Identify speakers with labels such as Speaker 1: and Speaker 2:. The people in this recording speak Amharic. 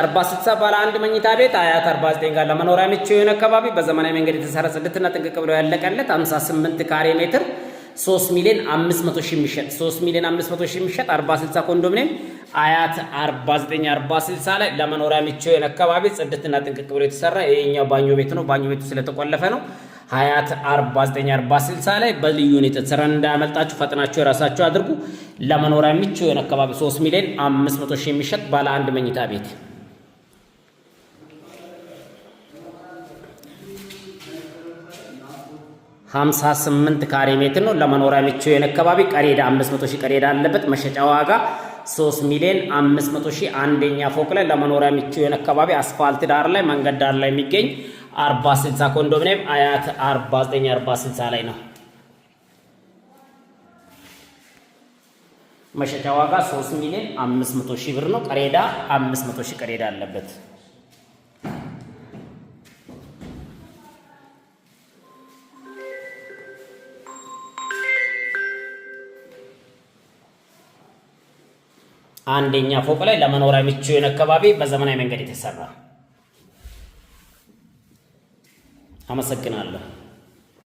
Speaker 1: አርባ ስድሳ ባለ አንድ መኝታ ቤት አያት 49 ጋር ለመኖሪያ ምቹ የሆነ አካባቢ በዘመናዊ መንገድ የተሰራ ጽድትና ጥንቅቅ ብሎ ያለቀለት 58 ካሬ ሜትር 3 ሚሊዮን 500 መቶ ሺህ የሚሸጥ 3 ሚሊዮን 500 ሺህ የሚሸጥ 46 ኮንዶሚኒየም አያት 49 46 ላይ ለመኖሪያ ምቹ የሆነ አካባቢ ጽድትና ጥንቅቅ ብሎ የተሰራ ይሄኛው ባኞ ቤት ነው። ባኞ ቤቱ ስለተቆለፈ ነው። ሀያት 46 ላይ በልዩ ሁኔታ የተሰራ እንዳያመልጣችሁ፣ ፈጥናችሁ የራሳችሁ አድርጉ። ለመኖሪያ ምቹ የሆነ አካባቢ 3 ሚሊዮን 500 ሺህ የሚሸጥ ባለ አንድ መኝታ ቤት 58 ካሬ ሜትር ነው። ለመኖሪያ ምቹ የሆነ አካባቢ ቀሬዳ 500 ሺህ ቀሬዳ አለበት። መሸጫ ዋጋ 3 ሚሊዮን 500 ሺህ አንደኛ ፎቅ ላይ ለመኖሪያ ምቹ የሆነ አካባቢ አስፋልት ዳር ላይ መንገድ ዳር ላይ የሚገኝ 4060 ኮንዶሚኒየም አያት 4940 ላይ ነው። መሸጫ ዋጋ 3 ሚሊዮን 500 ሺህ ብር ነው። ቀሬዳ 500 ሺህ ቀሬዳ አለበት። አንደኛ ፎቅ ላይ ለመኖሪያ ምቹ የሆነ አካባቢ በዘመናዊ መንገድ የተሰራ። አመሰግናለሁ።